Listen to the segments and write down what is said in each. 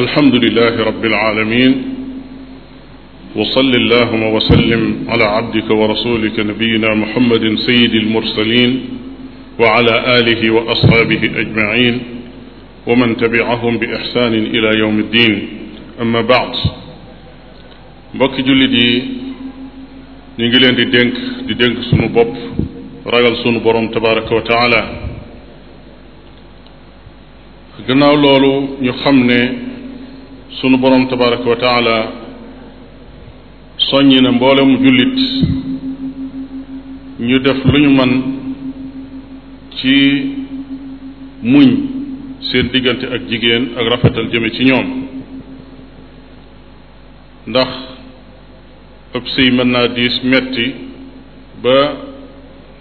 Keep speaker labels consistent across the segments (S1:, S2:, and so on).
S1: alhamdulilahi rabbil aalamiin wa salli allaahumma wa sallim ala abdika wa rasulika nabiyina muhammadin sayyidil mursaliin wa ala aalihi wa ashaabihi ajmaciin wa man tabi'ahum bi ixsaanin ilaa yawmi ddiin amma ba'd mbokki jullit yi ñu ngi leen di dénk di dénk sunu bopp ragal sunu borom tabaaraka wa taala gannaaw loolu ñu xam ne. sunu borom tabaraka wa taala soññi na mboolem jullit ñu def lu ñu man ci muñ seen diggante ak jigéen ak rafetal jëme ci ñoom ndax ëpp sëy mën naa diis metti ba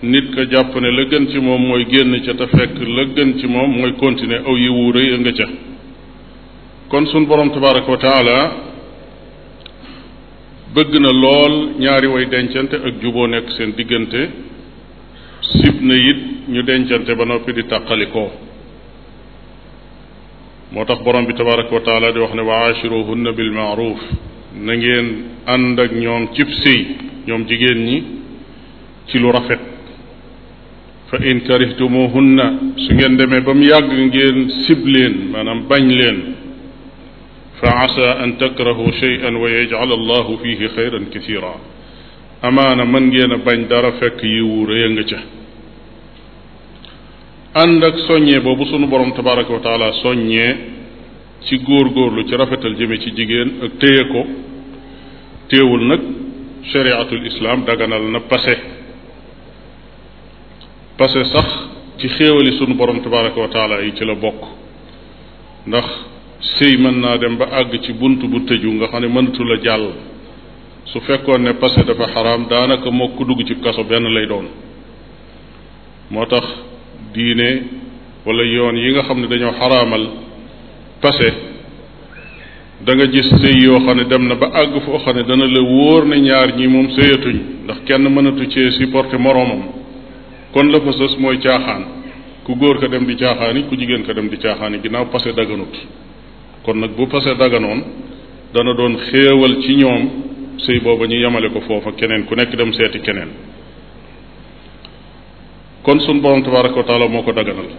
S1: nit ka jàpp ne la gën ci moom mooy génn ca te fekk la gën ci moom mooy continuer aw yi wu rëy a nga ca kon sun borom tabaraka wa taala bëgg na lool ñaari woy dencante ak juboo nekk seen diggante sib na it ñu dencante ba noppi di tàqalikoo moo tax borom bi tabaraka wa taala di wax ne wa aashiruhunna bil maaruf na ngeen ànd ak ñoom cib sëy ñoom jigéen ñi ci lu rafet fa in karihtumuhunna su ngeen demee ba mu yàgg ngeen sib leen maanaam bañ leen fa asa an takrahu shay'an wa yaj'al fihi xayran kacira amaana mën ngeen a bañ dara fekk yiwu rëy nga ca ànd ak soññee boobu sunu borom tabaraka wa taala soññee ci góor-góorlu ci rafetal jëme ci jigéen ak téye ko téewul nag chariatul islam daganal na passé passé sax ci xéewali sunu borom tabaraka wa taala yi ci la bokk ndax sëy mën naa dem ba àgg ci bunt bu tëju nga xam ne mënatu la jàll su fekkoon ne passé dafa xaraam daanaka moo ko dugg ci kaso benn lay doon moo tax diine walla yoon yi nga xam ne dañoo xaramal passé da nga gis sëy yoo xam ne dem na ba àgg foo xam ne dana la wóor ne ñaar ñi moom sëyatuñ ndax kenn mënatu cee supporter moroomam kon la fa sës mooy caaxaan ku góor ka dem di caaxaani ku jigéen ko dem di caaxaani ginnaaw passé daganut kon nag bu pase daganoon dana doon xéewal ci ñoom sëy booba ñu yemale ko foofa keneen ku nekk dem seeti keneen kon sun borom tabaraka wa taala moo ko daganal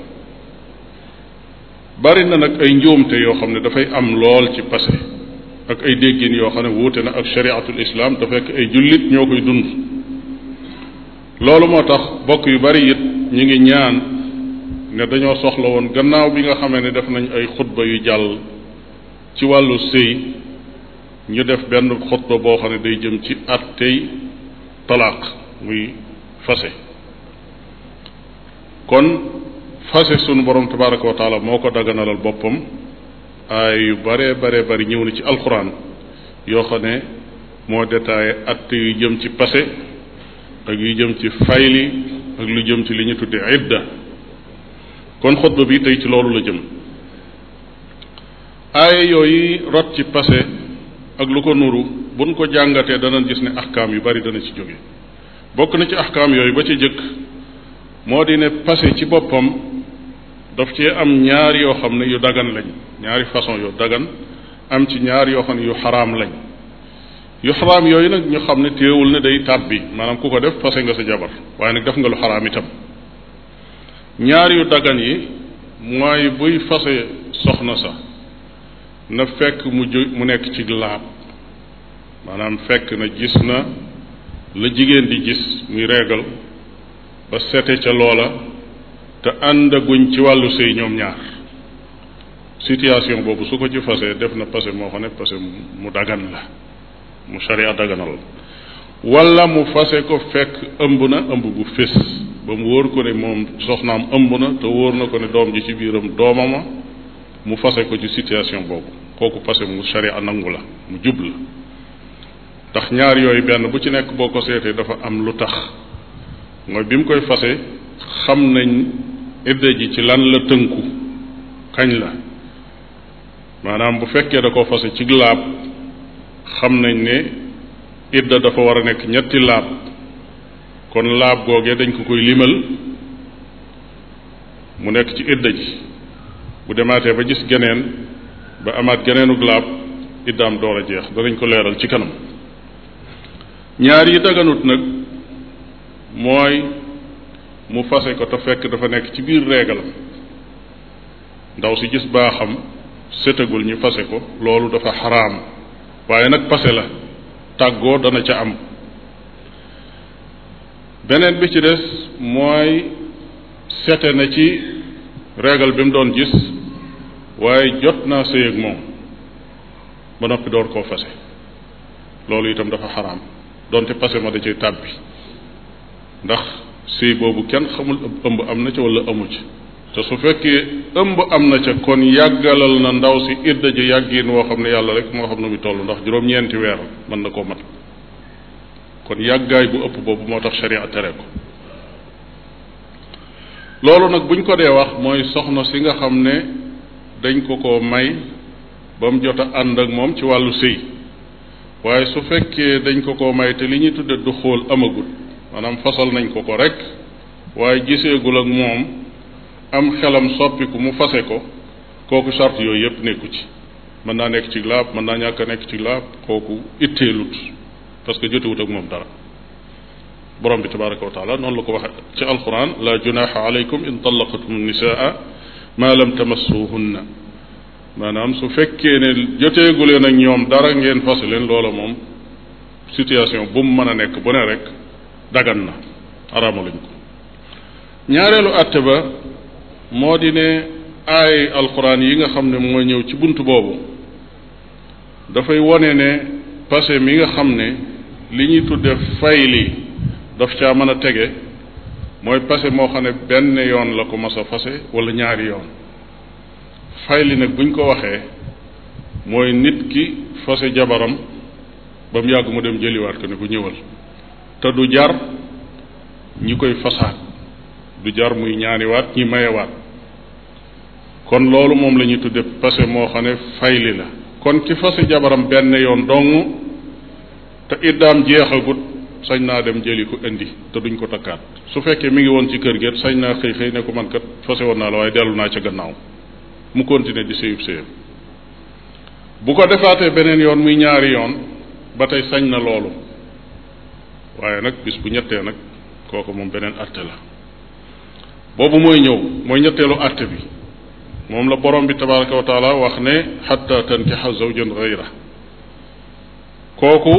S1: bari na nag ay njuumte yoo xam ne dafay am lool ci passé ak ay déggin yoo xam ne wuute na ak shariatul islam te fekk ay jullit ñoo koy dund loolu moo tax bokk yu bari it ñu ngi ñaan ne dañoo soxla woon gannaaw bi nga xamee ne def nañ ay xutba yu jàll ci wàllu sëy ñu def benn xutba boo xam ne day jëm ci attey talaaq muy fase kon fase sunu borom tabaraka wa moo ko daganalal boppam aay yu bare bare bari ñëw na ci alxuraan yoo xam ne moo détaillé att yu jëm ci pase ak yu jëm ci fayli ak lu jëm ci li ñu tudde idda kon xutba bi tey ci loolu la jëm aaya yooyu rot ci passé ak lu ko nuru buñ ko jàngatee danañ gis ne axkaam yu bari dana ci jóge bokk na ci axkaam yooyu ba ci jëkk moo di ne passé ci boppam daf cee am ñaar yoo xam ne yu dagan lañ ñaari façon yu dagan am ci ñaar yoo xam ne yu xaraam lañ yu xaraam yooyu nag ñu xam ne téewul ne day tàbbi maanaam ku ko def passé nga sa jabar waaye nag def nga lu xaraam itam ñaar yu dagan yi mooy buy fase soxna sa na fekk mu ju mu nekk ci laab maanaam fekk na gis na la jigéen di gis muy reegal ba sete ca loola te àndaguñ ci wàllu sëy ñoom ñaar situation boobu su ko ci fase def na pase moo xam ne pase mu daggan la mu sharia daganal wala mu fase ko fekk ëmb na ëmb bu fés ba mu wóor ko ne moom soxnaam ëmb na te wóor na ko ne doom ji ci biiram doomama mu fase ko ci situation boobu kooku passé mu sharia nangu la mu jub la tax ñaar yooyu benn bu ci nekk boo ko seetee dafa am lu tax mooy bi mu koy fase xam nañ idda ji ci lan la tënku kañ la maanaam bu fekkee da ko fase ci laab xam nañ ne idda dafa war a nekk ñetti laab kon laab googee dañ ko koy limal mu nekk ci idda ji bu demaatee ba gis geneen ba amaat geneenug laab iddaam door a jeex danañ ko leeral ci kanam ñaar yi daganut nag mooy mu fase ko te fekk dafa nekk ci biir reegalam ndaw si gis baaxam setagul ñu fase ko loolu dafa xaraam waaye nag pase la tàggoo dana ca am beneen bi ci des mooy sete na ci reegal bi mu doon gis waaye jot naa sëy ak moom ba noppi door koo fase loolu itam dafa xaraam donte pase ma da cay tàbbi ndax sëy boobu kenn xamul ëmb am na ca walla amu ca te su fekkee ëmb am na ca kon yàggalal na ndaw si idda ji yàggiin woo xam ne yàlla rek moo xam ne mu toll ndax juróom-ñeenti weer mën na koo mat kon yàggaay bu ëpp boobu moo tax sharia tere ko loolu nag buñ ko dee wax mooy soxna si nga xam ne dañ ko ko may ba mu jot ànd ak moom ci wàllu sëy waaye su fekkee dañ ko ko may te li ñuy tudde du xool amagul maanaam fasal nañ ko ko rek waaye giseegul ak moom am xelam soppiku mu fase ko kooku charte yooyu yëpp nekku ci mën naa nekk ci laab mën naa ñàkk a nekk ci laab kooku itteelut parce que jotewut ak moom dara borom bi tabaraka wa taala noonu la ko waxe ci alquran la junaha alaykum in talaqatum nisaa maa lam tamassuhunna maanaam su fekkee ne joteegu leen ak ñoom dara ngeen fas leen loola moom situation bu mu mën a nekk bu ne rek dagan na araamaluñ ko ñaareelu àtte ba moo di ne ay alxuraan yi nga xam ne mooy ñëw ci bunt boobu dafay wone ne passé mi nga xam ne li ñuy tudde fay li daf caa mën a tege mooy passé moo xam ne benn yoon la ko mas a fase wala ñaari yoon fay li nag buñ ko waxee mooy nit ki fase jabaram ba mu yàgg mu dem jëliwaat ko ne ko ñëwal te du jar ñi koy fasaat du jar muy ñaaniwaat ñi mayewaat kon loolu moom la ñuy tudde passé moo xam ne fayli la kon ki fase jabaram benn yoon dong te iddaam jeexagut sañ naa dem jëli ko indi te duñ ko takkaat su fekkee mi ngi woon ci kër gi sañ naa xëy xëy ne ko man kat fase woon naa la waaye dellu naa ca gannaaw mu continuer di sëyub sëyam bu ko defaatee beneen yoon muy ñaari yoon ba tey sañ na loolu waaye nag bis bu ñettee nag kooku moom beneen àtte la boobu mooy ñëw mooy ñetteelu àtte bi moom la borom bi tabaraka wa wax ne xatta tankixa zawjan gayra kooku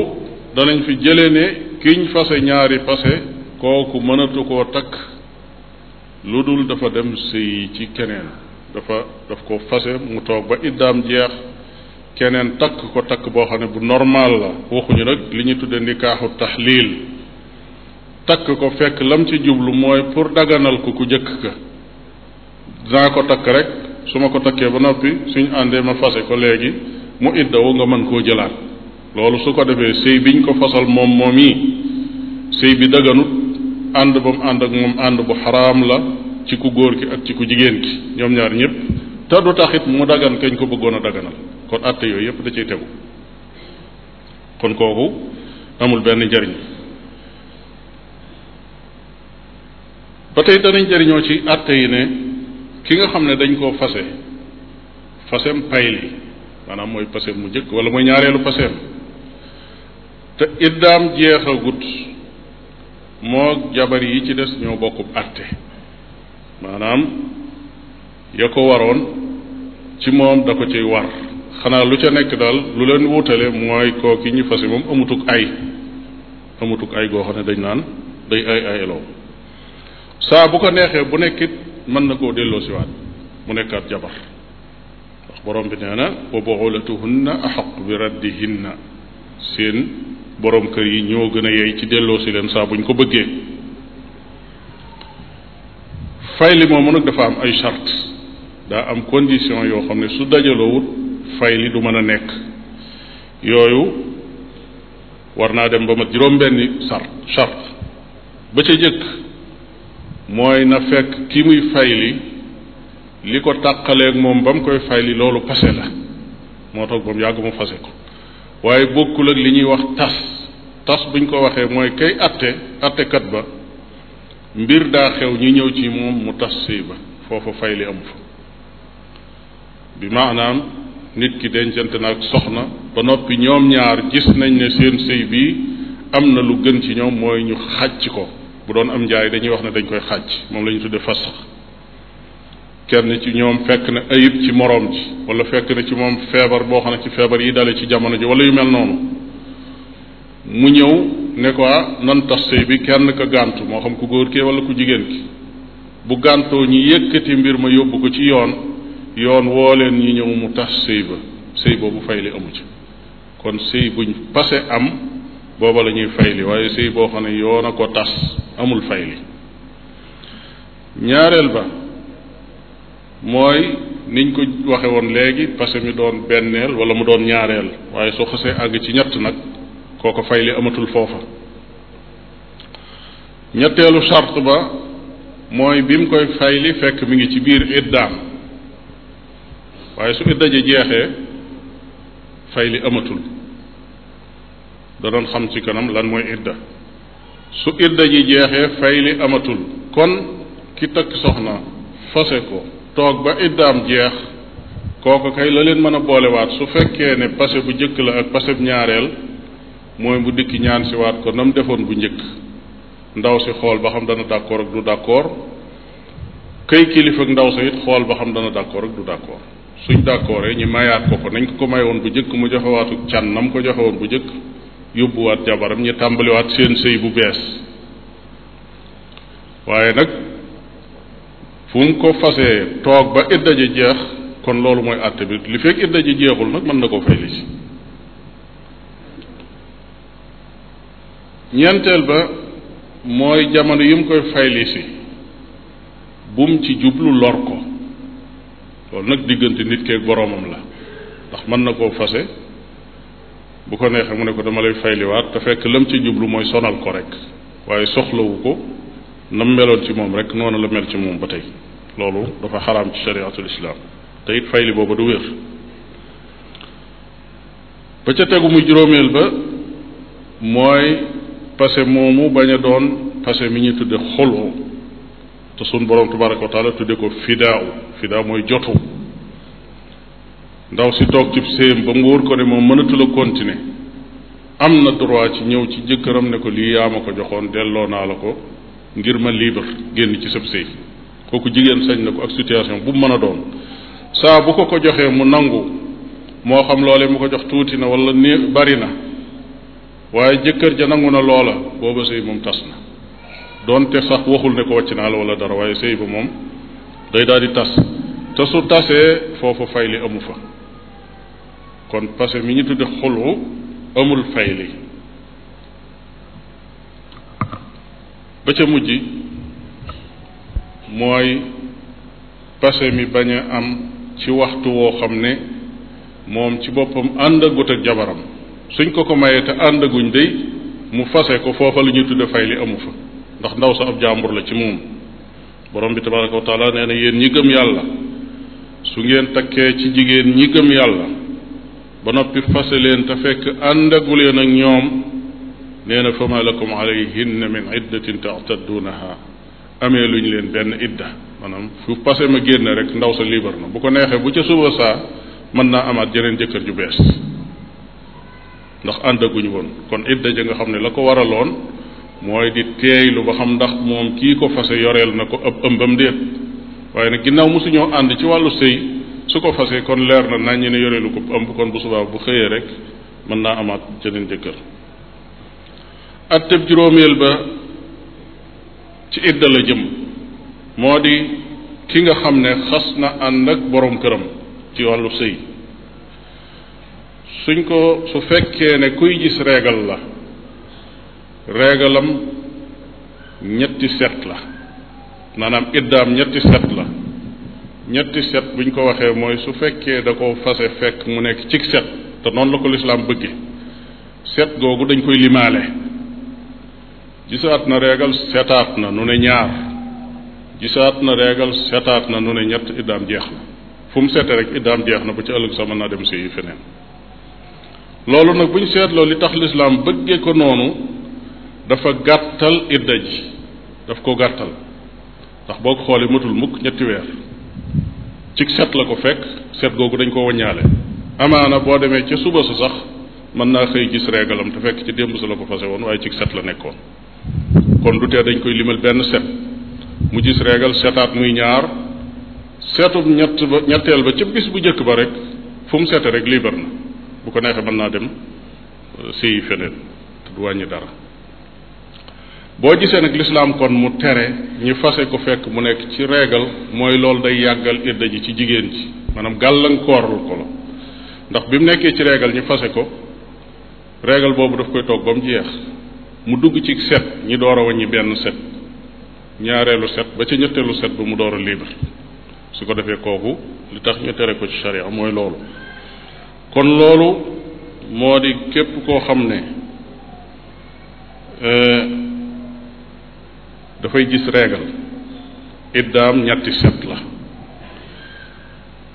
S1: danañ fi jëlee ne kiñ fase ñaari pase kooku mënatu koo takk lu dul dafa dem sëy ci keneen dafa daf ko fase mu toog ba iddaam jeex keneen takk ko takk boo xam ne bu normal la waxuñu nag li ñu tudde nikaaxu taxliil takk ko fekk lam ci jublu mooy pour dagganal ko ku jëkk ka dana ko takk rek su ma ko takkee ba noppi suñ àndee ma fase ko léegi mu iddawu nga mën koo jëlaat loolu su ko defee sëy biñ ko fasal moom moom yi sëy bi daganut ànd ba mu ànd ak moom ànd bu xaraam la ci ku góor ki ak ci ku jigéen ki ñoom ñaar ñëpp te du taxit mu dagan kañ ko bëggoon a daganal kon àtte yooyu yëpp da cay tegu kon kooku amul benn njariñ ba tey danañ jariñoo ci àtte yi ne ki nga xam ne dañ koo fase fasem pay li maanaam mooy pasem mu njëkk wala mooy ñaareelu pasem te iddaam jeexagut moog jabar yi ci des ñoo bokkub àtte maanaam ya ko waroon ci moom da ko ciy war xanaa lu ca nekk daal lu leen wutale mooy yi ñu fase moom amutuk ay amutuk ay goo ne dañ naan day ay ayeloo saa bu ko neexee bu nekkit mën na koo delloo siwaat mu nekkaat jabar ndax borom bi nee na wa buxulatuhunna axaq bi raddihinna seen boroom kër yi ñoo gën a yey ci delloo si leen saa buñ ko bëggee fay li mën nag dafa am ay charte daa am condition yoo xam ne su dajaloowut fay li du mën a nekk yooyu war naa dem ba mat juróom-benni sart charte ba ca jëkk mooy na fekk ki muy fay li li ko tàqaleeg moom ba mu koy fay li loolu passé la moo toog ba mu yàgg mu fase ko waaye bokkul ak li ñuy wax tas tas buñ ko waxee mooy kay atte attekat ba mbir daa xew ñu ñëw ci moom mu tas sëy ba foofa fay li am fa bi maanaam nit ki dencante na ak soxna ba noppi ñoom ñaar gis nañ ne seen sëy bii am na lu gën ci ñoom mooy ñu xàcc ko bu doon am njaay dañuy wax ne dañ koy xàcc moom la ñu tudde fas kenn ci ñoom fekk na ayib ci moroom ji wala fekk na ci moom feebar boo xam ne ci feebar yi dale ci jamono ji wala yu mel noonu mu ñëw ne ko ah, nan tas sëy bi kenn ka gàntu moo xam ku góor ki wala ku jigéen ki bu gàntoo ñu yëkkati mbir ma yóbbu ko ci yoon yoon woo leen ñi ñëw mu tas sëy ba sëy boobu fay li amu ci kon sëy buñ pase am booba la ñuy fay li waaye sëy boo xam ne yoon a ko tas amul fay li ñaareel ba mooy niñ ko waxe woon léegi parce que mi doon benneel wala mu doon ñaareel waaye soo xasee àgg ci ñett nag kooko fay li amatul foofa ñetteelu charte ba mooy bi mu koy fay li fekk mu ngi ci biir iddaam waaye su idda jeexee fay li amatul danoon xam ci kanam lan mooy idda su idda ji jeexee fay li amatul kon ki takk soxna fase ko toog ba iddaam jeex kooku kay la leen mën a boolewaat su fekkee ne passé bu njëkk la ak passé bu ñaareel mooy bu dikki ñaan si waat ko na defoon bu njëkk ndaw si xool ba xam dana d'accord ak du d'accord kay kilifa ak ndaw xool ba xam dana d'accord ak du d'accord suñ d'accord ñi mayaat ko ko nañ ko ko bu njëkk mu joxewaatu can na ko joxe woon bu njëkk yóbbuwaat jabaram ñu tàmbaliwaat seen sëy bu bees waaye nag fu mu ko fasee toog ba idda jeex kon loolu mooy àtte bi li fekk idda jeexul nag mën na koo fay li ñeenteel ba mooy jamono yi mu koy fayli si bum ci jublu lor ko loolu nag diggante nit keeg boroomam la ndax mën na koo fase bu ko neexee mu ne ko dama lay fayliwaat te fekk lam ci jublu mooy sonal ko rek waaye soxlawu ko na nam meloon ci moom rek noonu la mel ci moom ba tey loolu dafa xaraam ci shariatul islam te it fayli booba du wér ba ca tegu mu juróomeel ba mooy passé moomu bañ a doon passé mi ñu tudde xolu te sun borom tabaraka wa taala tudde ko fidaaw fidaaw mooy jotu ndaw si toog ci séem ba mu wóor ko ne moom mënatul a continuer am na droit ci ñëw ci jëkkëram ne ko lii yaa ma ko joxoon delloo naa la ko ngir ma libre génn ci sëb sëy kooku jigéen sañ na ko ak situation bu mu mën a doon saa bu ko ko joxee mu nangu moo xam loole mu ko jox tuuti na wala ni bari na waaye jëkkër ja nangu na loola booba sëy moom tas na doonte sax waxul ne ko wàcc naa la wala dara waaye sëy ba moom day daal di tas te su tasee foofa fay li amu fa kon parce que mi ñu tudd xulu amul fay li ba ca mujj mooy passé mi bañ a am ci waxtu woo xam ne moom ci boppam àndagut ak jabaram suñ ko ko mayee te àndaguñ dey mu fase ko foofa la ñuy tudde fay li amu fa ndax ndaw sa ab jàmbur la ci moom borom bi tabaraka wa taala nee na yéen ñi gëm yàlla su ngeen takkee ci jigéen ñi gëm yàlla ba noppi fase leen te fekk àndagu leen ak ñoom nee na fama lakum alayhinna min iddatin taataddunaha amee lu ñu leen benn idda maanaam fu passé ma génn rek ndaw sa liibar na bu ko neexee bu ca suba saa mën naa amaat jeneen jëkkër ju bees ndax àndaguñu woon kon idda ja nga xam ne la ko waraloon mooy di teeylu ba xam ndax moom kii ko fase yoreel na ko ëpp ëmbam déet waaye nag ginnaaw mosuñoo ànd ci wàllu sëy su ko fase kon leer na nañ ne yoreelu ko ëmb kon bu subaa bu xëyee rek mën naa amaat jeneen jëkkër atteb juróomeel ba ci idda la jëm moo di ki nga xam ne xas na ànd ak borom këram ci wàllu sëy suñ ko su fekkee ne kuy gis régal la régalam ñetti set la maanaam iddaam ñetti set la ñetti set buñ ko waxee mooy su fekkee da ko fase fekk mu nekk cig set te noonu la ko lislaam bëgge set googu dañ koy limaale gisaat na reegal setaat na nu ne ñaar gisaat na reegal setaat na nu ne ñett iddaam jeex na fu mu sete rek iddaam jeex na bu ci ëllëg sa mën naa dem séyi feneen loolu nag bu ñu seetloo li tax lislaam bëggee ko noonu dafa gàttal idda ji daf ko gàttal ndax boo ko xoolee matul mukk ñetti weer ci set la ko fekk set googu dañ ko waññaale amaana boo demee ca suba sa sax mën naa xëy gis reegalam te fekk ci démb sa la ko fase woon waaye ci set la nekkoon kon du tee dañ koy limal benn set mu gis reegal setaat muy ñaar seetum ñett ba ñetteel ba ca bis bu njëkk ba rek fu mu sete rek liibar na bu ko neexee mën naa dem euh, séyi feneen te du wàññi dara boo gisee nag lislaam kon mu tere ñu fase ko fekk mu nekk ci reegal mooy loolu day yàggal idda ji ci jigéen ji maanaam gàllankoor lu ko la ndax bi mu nekkee ci reegal ñu fase ko reegal boobu daf koy toog ba mu jeex mu dugg ci set ñi door a waññi benn set ñaareelu set ba ca ñetteelu set ba mu door a libre su ko defee kooku li tax ñu tere ko ci sharia mooy loolu kon loolu moo di képp koo xam ne euh, dafay gis reegal iddaam ñetti set la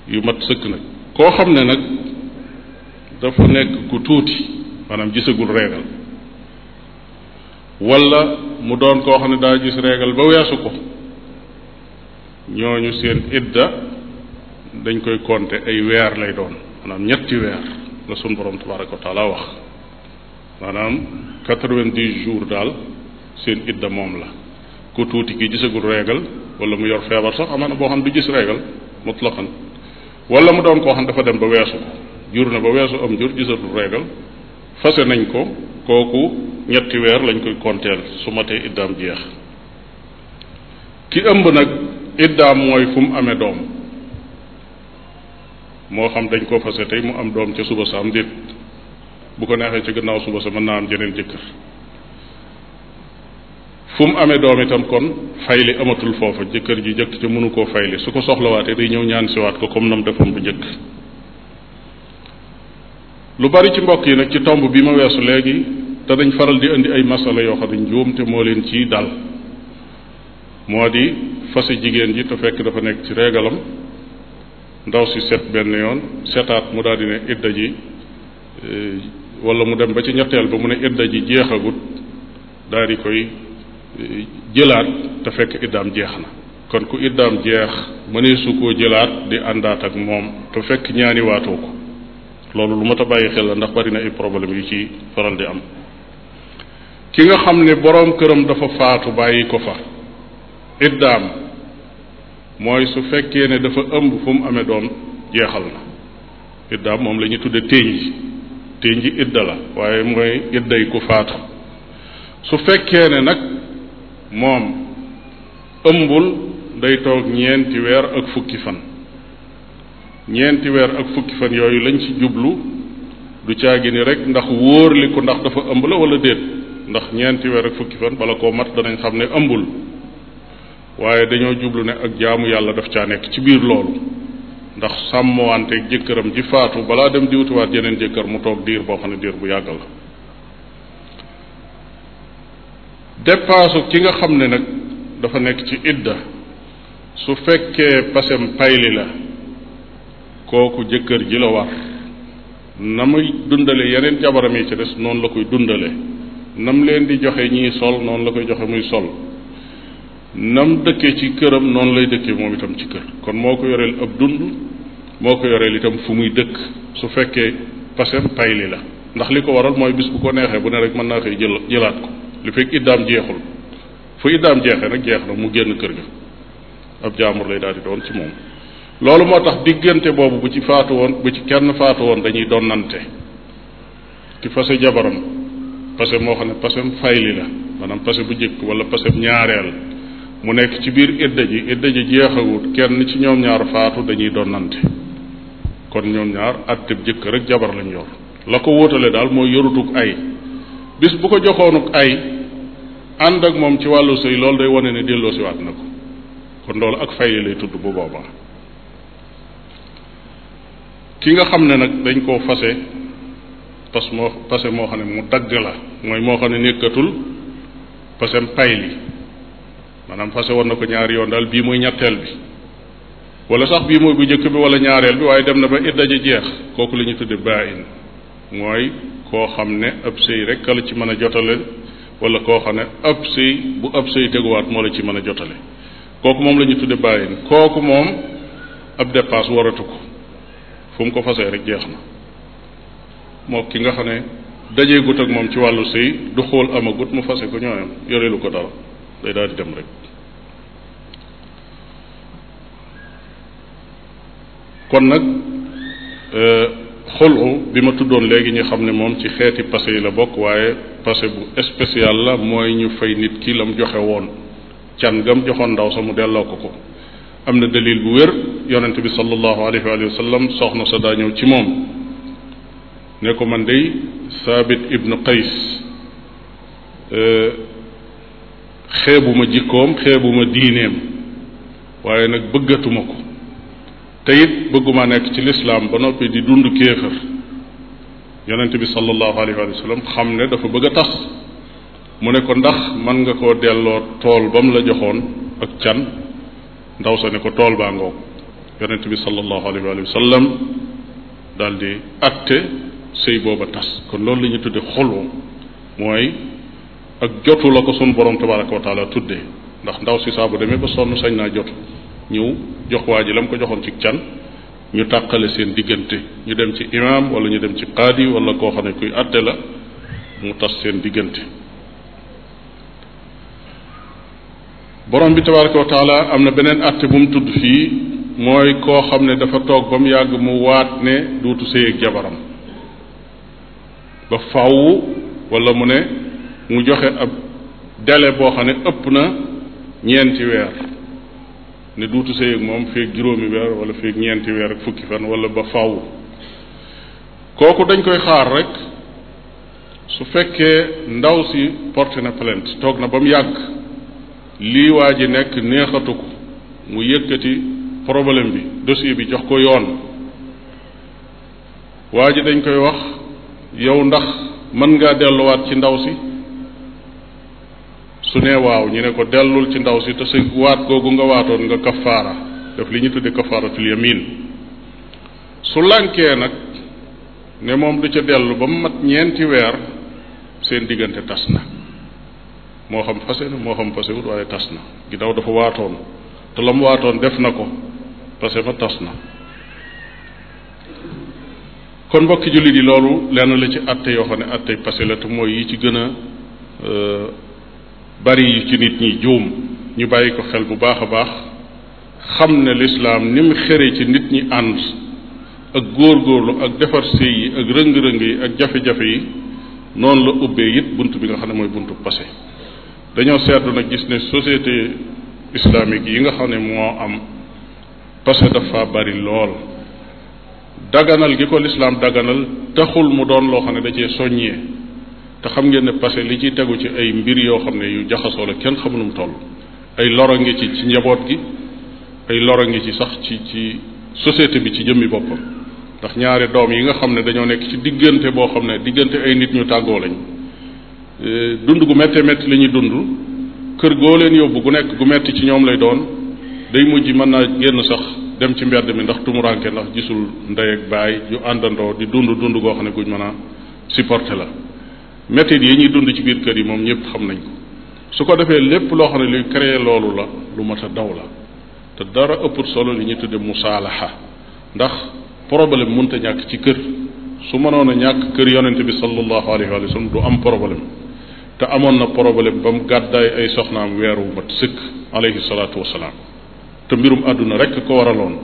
S1: yu mat sëkk nag koo xam ne nag dafa nekk ku tuuti maanaam gisagul reegal wala mu doon koo xam ne daa gis reegal ba weesu ko ñooñu seen idda dañ koy compter ay weer lay doon maanaam ñetti weer la sunu borom tabaraka wa taala wax maanaam quatre-vingt-dix daal seen idda moom la ku tuuti ki gisagul reegal wala mu yor feebar sax amaana boo xam du gis reegal mutlaqan wala mu doon koo xam dafa dem ba weesu ko jur na ba weesu am jur gisatul reegal fase nañ ko kooku ñetti weer lañ koy konteel su matee iddaam jeex ki ëmb nag iddaam mooy fu mu amee doom moo xam dañ ko fase tey mu am doom ca suba sa am déet bu ko neexee ci gannaaw suba sa mën naa am jeneen jëkkër fu mu amee doom itam kon fayli amatul foofa jëkkër ji jëkk ca mënu koo fayli su ko soxlawaatee day ñëw ñaan siwaat ko comme nam defoon bu njëkk lu bari ci mbokk yi nag ci tomb bi ma weesu léegi te dañ faral di indi ay masala yoo xam ne te moo leen ci dal moo di fase jigéen ji te fekk dafa nekk ci reegalam ndaw si set benn yoon setaat mu dal di ne idda ji eh, wala mu dem ba ci ñetteel ba mu ne idda ji jeexagut daal di koy eh, jëlaat te fekk iddaam jeex na kon ku iddaam jeex mënee su koo jëlaat di àndaat ak moom te fekk ñaani waatoo ko loolu lu mat a bàyyi xel la ndax bari na ay problème yu ci faral di am ki nga xam ne boroom këram dafa faatu bàyyi ko fa iddaam mooy su fekkee ne dafa ëmb fu mu amee doom jeexal na iddaam moom lañuy ñuy tudde téeñ ji téeñ idda la waaye mooy idday ko faatu su fekkee ne nag moom ëmbul day toog ñeenti weer ak fukki fan ñeenti weer ak fukki fan yooyu lañ ci jublu du caagi ni rek ndax wóor ko ndax dafa ëmb la wala déet ndax ñeenti weer ak fukki fan bala koo mat danañ xam ne ëmbul waaye dañoo jublu ne ak jaamu yàlla def caa nekk ci biir loolu ndax sàmmwanteeg jëkkëram ji faatu balaa dem di wutiwaat yeneen jëkkër mu toog diir boo xam ne diir bu yàgg la dépaasu ki nga xam ne nag dafa nekk ci idda su fekkee pasem payli la kooku jëkkër ji la war na muy dundale yeneen jabaram yi ci des noonu la koy dundale nam leen di joxe ñii sol noonu la koy joxe muy sol nam dëkkee ci këram noonu lay dëkkee moom itam ci kër kon moo ko yoreel ab dund moo ko yoreel itam fu muy dëkk su fekkee pasem payli la ndax li ko waral mooy bis bu ko neexee bu ne rek mën naa koy jël jëlaat ko li fekk iddaam jeexul fu iddaam jeexe nag jeex na mu génn kër ga ab jaamur lay daal di doon ci moom loolu moo tax diggante boobu bu ci faatu woon bu ci kenn faatu woon dañuy doon nante ki fase jabaram pase moo xam ne pasem fayli la maanaam pase bu jëkk wala pasem ñaareel mu nekk ci biir idda ji idda ji jeexagut kenn ci ñoom ñaar faatu dañuy doon donnante kon ñoom ñaar atteb jëkk rek jabar lañu yor la ko wóotale daal mooy yorutuk ay bis bu ko joxoonuk ay ànd ak moom ci wàllu sëy loolu day wane ne delloosi siwaat na ko kon loolu ak fayli lay tudd bu boobaa ki nga xam ne nag dañ koo fase pas moo pase moo xam ne mu dagg la mooy moo xam ne nekkatul pasem pay li maanaam fase woon na ko ñaari yoon daal bii mooy ñetteel bi wala sax bii mooy bu njëkk bi wala ñaareel bi waaye dem na ba it ji jeex kooku la ñu tudde baain mooy koo xam ne ab sëy rek la ci mën a jotale wala koo xam ne ab sëy bu ab sëy teguwaat moo la ci mën a jotale kooku moom la ñu tudde baayin kooku moom ab dépasse waratu ko fu ko fasee rek jeex na moo ki nga xam ne dajeegut ak moom ci wàllu sëy du xool amagut mu fase ko ñooyam yoreelu ko dara day daal di dem rek kon nag e, xolu bi ma tuddoon léegi ñu xam ne moom ci xeeti passé yi la bokk waaye passé bu spécial la mooy ñu fay nit ki la mu joxe woon can gam joxoon ndaw sa mu delloo ko ko am na dalil bu wér yonente bi sallallahu alayhi wa sallam soxna sa daa ñëw ci moom ne ko man day saabit ibnu qays e, xeebuma jikkoom xeebuma diineem waaye nag bëggatuma ko te it bëgguma nekk ci lislaam ba noppi di dund kéefër yonent bi sallallahu alayhi wa sallam xam ne dafa bëgg a tax mu ne ko ndax man nga koo delloo tool ba la joxoon ak can ndaw sa ne ko tool baa ngoog yonent bi sallallahu alayhi wa sallam daal di atte sëy booba tas kon loolu la ñu tudde xuloo mooy ak jotu la ko sunu borom tabaraka wa tudde tuddee ndax ndaw si saa demee ba sonn sañ naa jotu ñëw jox waa ji la mu ko joxoon ci can ñu taqale seen diggante ñu dem ci imaam wala ñu dem ci qaadi wala koo xam ne kuy àtte la mu tas seen diggante boroom bi tabaraka wa taala am na beneen àtte bu mu tudd fii mooy koo xam ne dafa toog ba mu yàgg mu waat ne duutu sëy ak jabaram ba faww walla mu ne mu joxe ab délai boo xam ne ëpp na ñeenti weer ne duutu sëy ak moom feeg juróomi weer wala feeg ñeenti weer ak fukki fan wala ba faww kooku dañ koy xaar rek su fekkee ndaw si porté na plainte toog na ba mu yàgg lii waa ji nekk neexatu ko mu yëkkati problème bi dosi bi jox ko yoon waa ji dañ koy wax yow ndax mën ngaa delluwaat ci ndaw si su ne waaw ñu ne ko dellul ci ndaw si te si waat googu nga waatoon nga kafaara def li ñu tudde kafaaratul yamin su lànkee nag ne moom du ca dellu ba mu mat ñeenti weer seen diggante tas na moo xam fase na moo xam fasewut waaye tas na ginnaaw dafa waatoon te la mu waatoon def na ko fase ma tas na kon mbokki jullit yi loolu lenn la ci atte yoo xam ne atte passé la te mooy yi ci gëna a euh, bari yi ci nit ñi juum ñu bàyyi ko xel bu baax a baax xam ne lislaam ni mu xëre ci nit ñi ànd ak góor góorlu ak defar sëy yi ak rëng-rëng yi ak jafe-jafe yi noonu la ubbee it bunt bi nga xam ne mooy buntu passé dañoo seetlu nag gis ne société islamique yi nga xam ne moo am passé dafa bari lool daganal gi ko lislaam daganal taxul mu doon loo xam ne da cee soññee te xam ngeen ne passé li ciy tegu ci ay mbir yoo xam ne yu jaxasoo la kenn xamul nu mu toll ay loro ngi ci ci njaboot gi ay loro ngi ci sax ci ci société bi ci jëmmi boppam ndax ñaari doom yi nga xam ne dañoo nekk ci diggante boo xam ne diggante ay nit ñu tàggoo lañ euh, dund gu méttee métti lañuy dund kër goo leen yóbbu gu nekk gu metti ci ñoom lay doon day mujj mën naa génn sax dem ci mbedd mi ndax tumuranke ndax gisul ndey ak baay yu àndandoo di dund dund koo xam ne guñ mën a supporter la métit yi ñuy dund ci biir kër yi moom ñëpp xam nañ ko su ko defee lépp loo xam ne luy créer loolu la lu mat a daw la te dara ëpput solo li ñu tudde musaalaxa ndax problème mënta ñàkk ci kër su mënoon a ñàkk kër yonente bi sallallahu alayhi wa sallam du am problème amoon na problème ba mu gàddaay ay soxnaam weer wu mat sëkk alayhi salaatu te mbirum àdduna rek ko waraloon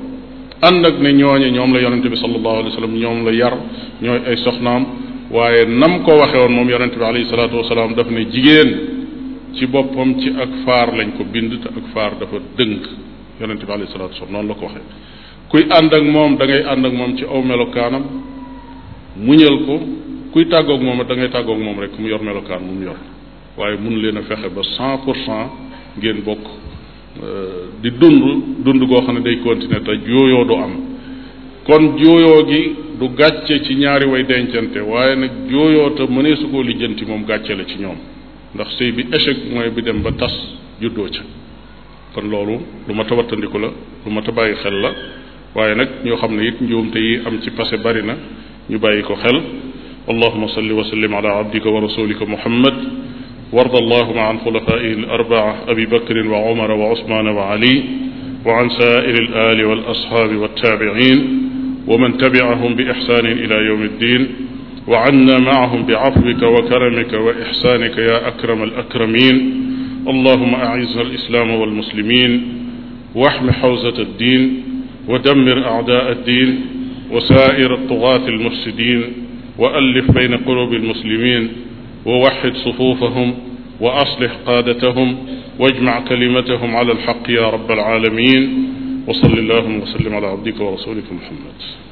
S1: ànd ak ne ñooñe ñoom la yonente bi sallallahu alayhi wa sallam ñoom la yar ñooy ay soxnaam waaye nam ko waxe woon moom yonente bi alayhi salaatu wasalaam daf ne jigéen ci boppam ci ak faar lañ ko bind te ak faar dafa dënk yonente bi alayhi salaatu noonu la ko waxe kuy ànd ak moom da ngay ànd ak moom ci aw melokaanam muñal ko kuy tàggook moom da ngay tàggook moom rek mu yor melokaan mu mu yor waaye mun leen a fexe ba cent pour cent ngeen bokk di dund dund goo xam ne day continuer te jooyoo du am kon jooyoo gi du gàcce ci ñaari way dencante waaye nag jooyoo te mënee su koo lijjanti moom gàcce la ci ñoom ndax sëy bi échec mooy bi dem ba tas juddoo ca kon loolu lu mat a wattandiku la lu mat a bàyyi xel la waaye nag ñoo xam ne it njuumte yi am ci passé bari na ñu bàyyi ko xel allahuma salli wa sallim ala abdika wa rasulika muhammad warda allahuma an xulafaa'ihi al-arbaa abi bakrin wa umara wa usmaana wa ali wa an saa'iri al-aali wal ashaabi wat-taabiciin wa man tabi'ahum bi ixsaanin ilaa yawmi ddiin wa cannaa macahum bi cafwika wa karamika wa ixsaanika yaa akrama al-akramiin allahuma aciznaa al-islaama wal muslimiin واحم حوزة الدين ودمر أعداء الدين وسائر الطغاة المفسدين وألف بين قلوب المسلمين wa waxid sufuufahum wa aslix qaadatahum wajmac kalimatahum ala alxaq ya rabbal aalamiin wa salli allahuma wa sallim ala abdika wa rasulika muhammad